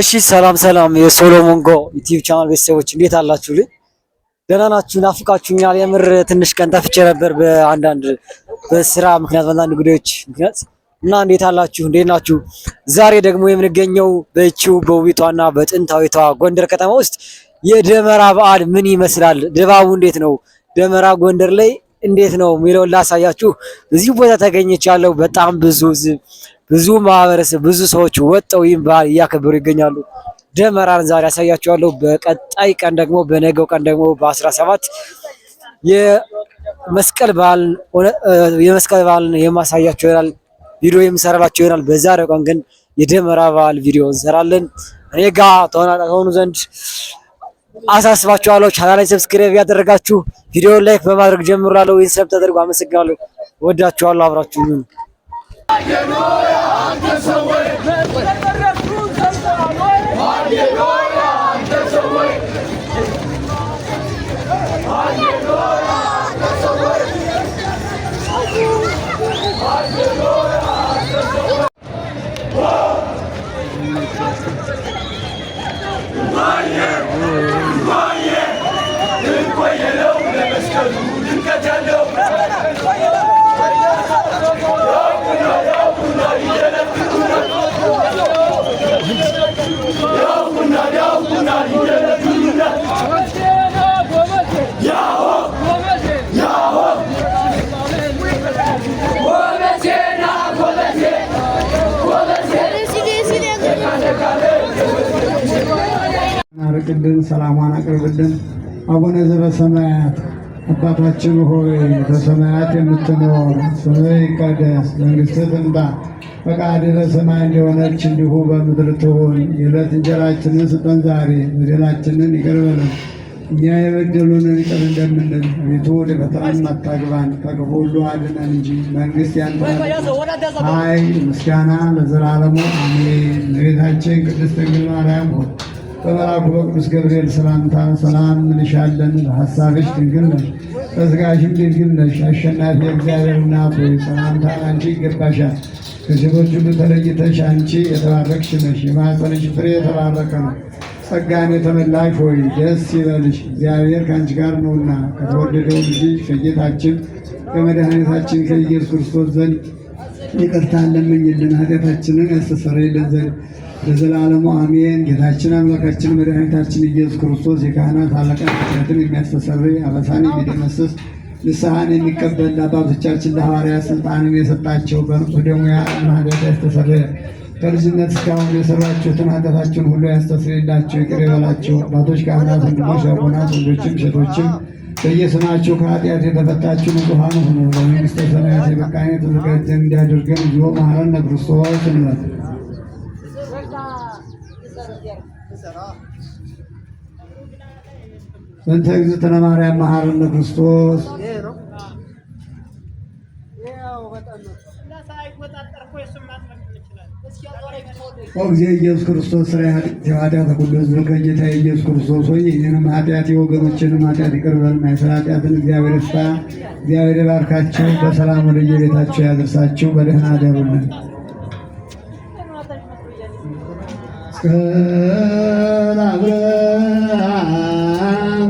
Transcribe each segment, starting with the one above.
እሺ ሰላም ሰላም፣ የሶሎሞን ጎ ዩቲዩብ ቻናል ቤተሰቦች እንዴት አላችሁልኝ? ደህና ናችሁ? ናፍቃችሁኛል። የምር ትንሽ ቀን ጠፍቼ ነበር በአንዳንድ በስራ ምክንያት በአንዳንድ ጉዳዮች ምክንያት እና እንዴት አላችሁ? እንዴት ናችሁ? ዛሬ ደግሞ የምንገኘው በይቺው በውቢቷና በጥንታዊቷ ጎንደር ከተማ ውስጥ የደመራ በዓል ምን ይመስላል፣ ድባቡ እንዴት ነው፣ ደመራ ጎንደር ላይ እንዴት ነው የሚለውን ላሳያችሁ እዚህ ቦታ ተገኘች ያለው በጣም ብዙ ህዝብ ብዙ ማህበረሰብ ብዙ ሰዎች ወጠው ይህን ባህል እያከበሩ ይገኛሉ። ደመራን ዛሬ ያሳያቸዋለሁ። በቀጣይ ቀን ደግሞ በነገው ቀን ደግሞ በአስራ ሰባት የመስቀል በዓልን የመስቀል የማሳያቸው ይሆናል። ቪዲዮ የምሰራላቸው ይሆናል። በዛሬው ቀን ግን የደመራ በዓል ቪዲዮ እንሰራለን። እኔ ጋ ተሆኑ ዘንድ አሳስባችኋለሁ። ቻናል ላይ ሰብስክራይብ ያደረጋችሁ ቪዲዮ ላይክ በማድረግ ጀምራለሁ። ይህን ሰብ ተደርጎ አመሰግናለሁ። ወዳችኋለሁ። አብራችሁ Let us away. አድርግልን፣ ሰላሟን አቅርብልን። አቡነ ዘበሰማያት አባታችን ሆይ በሰማያት የምትኖር ስምህ ይቀደስ፣ መንግሥትህ ትምጣ፣ ፈቃድህ በሰማይ እንደሆነች እንዲሁ በምድር ትሁን። የዕለት እንጀራችንን ስጠን ዛሬ፣ በደላችንን ይቅር በለን እኛ የበደሉንን ይቅር እንደምንል። አቤቱ ወደ ፈተናም አታግባን፣ ከክፉ ሁሉ አድነን እንጂ መንግሥት ያንተ ናት፣ ኃይል ምስጋና ለዘላለሙ አሜን። እመቤታችን ቅድስት ድንግል ማርያም ሆይ በመልአኩ በቅዱስ ገብርኤል ሰላምታ ሰላም እንልሻለን። ሀሳብሽ ድንግል ነሽ፣ በሥጋሽም ድንግል ነሽ። አሸናፊ እግዚአብሔር እናት ሰላምታ አንቺ ይገባሻል። ከሴቶች ሁሉ ተለይተሽ አንቺ የተባረክሽ ነሽ፣ የማኅፀንሽ ፍሬ የተባረከ ነው። ጸጋን የተመላሽ ሆይ ደስ ይበልሽ፣ እግዚአብሔር ከአንቺ ጋር ነውና ከተወደደው ልጅ ከጌታችን ከመድኃኒታችን ከኢየሱስ ክርስቶስ ዘንድ ይቅርታ ለምኝልን ኃጢአታችንን ያስተሰርይልን ዘንድ ለዘላለሙ አሜን። ጌታችን አምላካችን መድኃኒታችን ኢየሱስ ክርስቶስ የካህናት አለቃ ኃጢአትን የሚያስተሰርይ አበሳን የሚደመስስ ንስሐን የሚቀበል አባቶቻችን ለሐዋርያ ስልጣንን የሰጣቸው በንጹ ደሙ ኃጢአት ከልጅነት እስካሁን የሰራችሁትን ኃጢአታችሁን ሁሉ ያስተሰርይላቸው፣ ይቅር ይበላቸው። አባቶች፣ ካህናት፣ ወንድሞች፣ አቦናት፣ ወንዶችም ሴቶችም በየስማችሁ ከኃጢአት የተፈታችሁ ንጹሐን ሁኑ፣ ለመንግሥተ ሰማያት የበቃን የተዘጋጀ እንዲያደርገን ዞ መሐረነ ክርስቶስ እንበል። እንተ እግዝእትነ ማርያም መሐረነ ክርስቶስ እግዚእ ኢየሱስ ክርስቶስ ስራ የኃጢአት ሁሉ ሕዝብ ከጌታ ኢየሱስ ክርስቶስ ሆይ ይህንም ኃጢአት የወገኖችንም ኃጢአት ይቅር በለን። የማይሰራ ኃጢአትን እግዚአብሔር ይፍታ። እግዚአብሔር ይባርካችሁ፣ በሰላም ወደ የቤታችሁ ያደርሳችሁ። በደህና አደሩልን።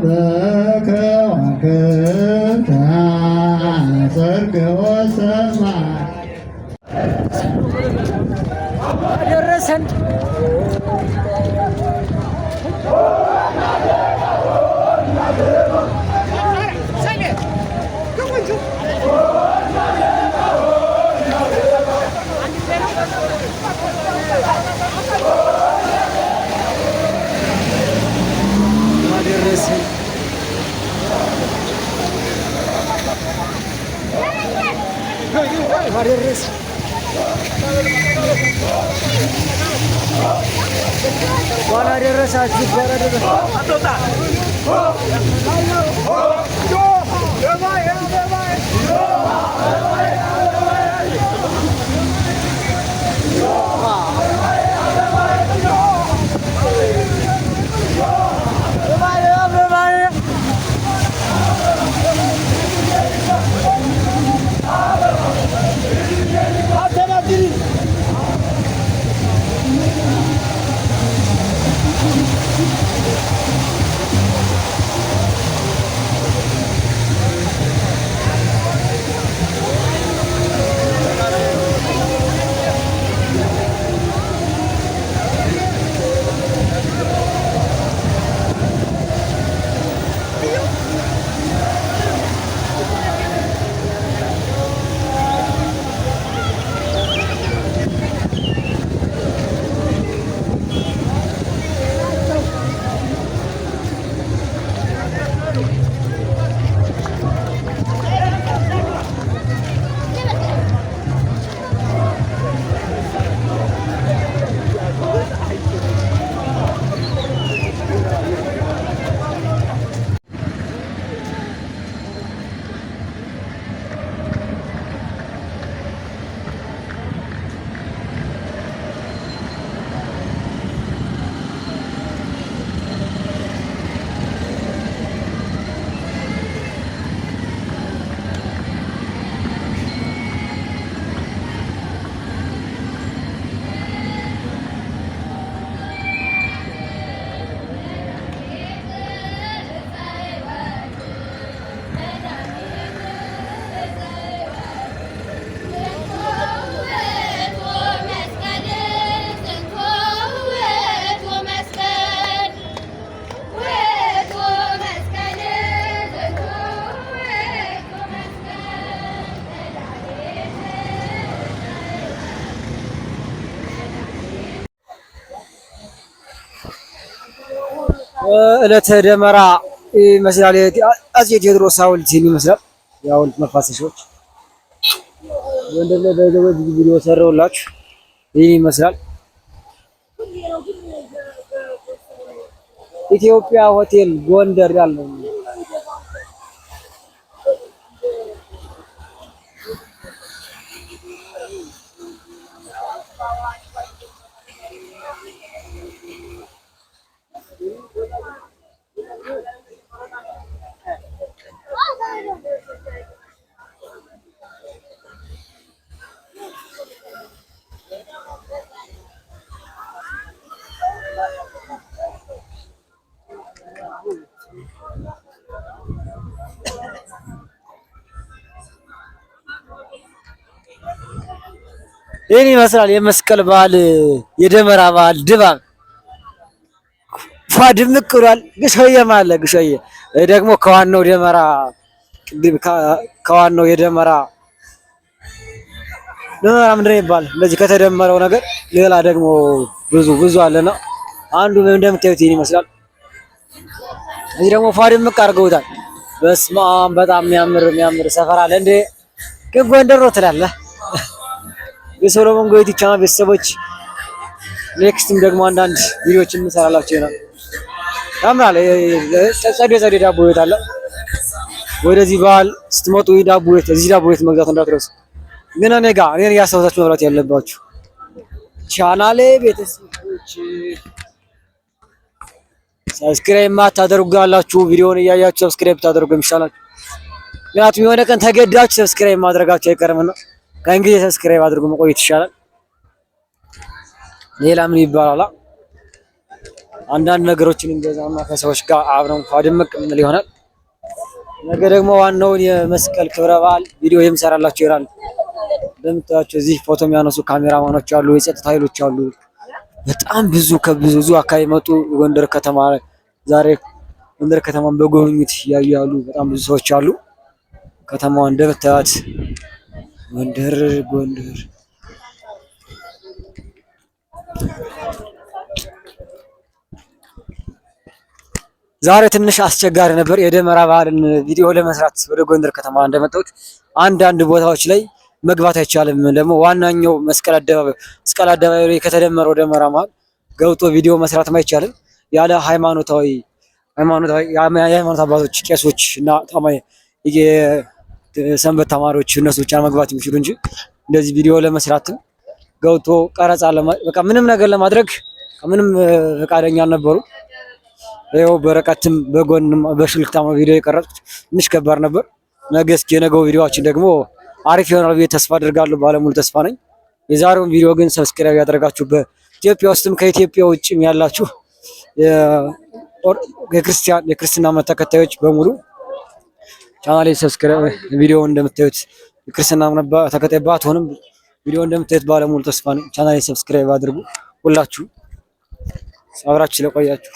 በከዋክብታ বলছেন Varios rezos. Bora de rasa, bora de rasa. Oh, እለተ ደመራ ይመስላል። አፄ ቴዎድሮስ ሐውልት ይመስላል። የሐውልት መፋሰሻዎች ላይ ቪዲዮ ሰራውላችሁ ይመስላል። ኢትዮጵያ ሆቴል ጎንደር ያለው ይህን ይመስላል የመስቀል በዓል የደመራ በዓል ድባብ ፏ ድምቅ ብሏል። ግሾዬም ማለ ግሾዬ ደግሞ ከዋናው ደመራ ከዋናው የደመራ ደመራ ምንድን ይባል እንደዚህ ከተደመረው ነገር ሌላ ደግሞ ብዙ ብዙ አለና አንዱ እንደምታዩት ይህን ይመስላል። እዚህ ደግሞ ፏ ድምቅ አድርገውታል። በስመ አብ በጣም የሚያምር የሚያምር ሰፈር አለ እንዴ! ግን ጎንደር ነው ትላለህ የሶሎሞን ጎይት ቻናል ቤተሰቦች ኔክስትም ደግሞ አንዳንድ ቪዲዮዎችን እንሰራላችሁ ይሆናል። ያምራል። ጸዴ ጸዴ ዳቦ ቤት አለ። ወደዚህ በዓል ስትመጡ ዳቦ ቤት እዚህ ዳቦ ቤት መግዛት እንዳትረሱ። ግን እኔ ጋር እኔን እያስታወሳችሁ መብላት ያለባችሁ ቻናሌ ቤተሰቦች ሰብስክራይብ ማታደርጋላችሁ ቪዲዮውን እያያችሁ ሰብስክራይብ ታደርጉ የሚሻላችሁ። ምክንያቱም የሆነ ቀን ተገዳችሁ ሰብስክራይብ ማድረጋችሁ አይቀርምና ከእንግዲህ ሰብስክራይብ አድርጎ መቆየት ይሻላል። ሌላ ምን ይባላል? አንዳንድ ነገሮችን እንገዛና ከሰዎች ጋር አብረን ድምቅ ምን ይሆናል። ነገ ደግሞ ዋናውን የመስቀል ክብረ በዓል ቪዲዮ የምሰራላችሁ ይሆናል። እንደምታያቸው እዚህ ፎቶ የሚያነሱ ካሜራማኖች አሉ፣ የጸጥታ ኃይሎች አሉ። በጣም ብዙ ከብዙ አካባቢ መጡ። ጎንደር ከተማ ዛሬ ጎንደር ከተማን በጎብኝት እያዩ ያሉ በጣም ብዙ ሰዎች አሉ። ከተማዋን እንደምታያት ጎንደር ጎንደር ዛሬ ትንሽ አስቸጋሪ ነበር። የደመራ በዓልን ቪዲዮ ለመስራት ወደ ጎንደር ከተማ እንደመጣሁት አንዳንድ ቦታዎች ላይ መግባት አይቻልም። ደግሞ ዋናኛው መስቀል አደባባይ መስቀል አደባባይ ላይ ከተደመረው ደመራ መሀል ገብቶ ቪዲዮ መስራትም አይቻልም ያለ ሃይማኖታዊ ሃይማኖት አባቶች ቄሶች እና ታማኝ ሰንበት ተማሪዎች እነሱ ብቻ መግባት የሚችሉ እንጂ እንደዚህ ቪዲዮ ለመስራትም ገብቶ ቀረጻ በቃ ምንም ነገር ለማድረግ ምንም ፈቃደኛ አልነበሩ። ይኸው በርቀትም በጎንም በስልክታማ ቪዲዮ የቀረጽኩት ትንሽ ከባድ ነበር። ነገ እስኪ የነገው ቪዲዮችን ደግሞ አሪፍ ይሆናል ብዬ ተስፋ አድርጋለሁ። ባለሙሉ ተስፋ ነኝ። የዛሬውን ቪዲዮ ግን ሰብስክራይብ ያደረጋችሁ በኢትዮጵያ ውስጥም ከኢትዮጵያ ውጭም ያላችሁ የክርስቲያን የክርስትና እምነት ተከታዮች በሙሉ ቻናል ሰብስክራይብ፣ ቪዲዮ እንደምታዩት ክርስትና ምናባ ተከታይ ባትሆንም ቪዲዮ እንደምታዩት ባለሙሉ ተስፋ ነው። ቻናሌ ሰብስክራይብ አድርጉ። ሁላችሁ አብራችሁ ስለቆያችሁ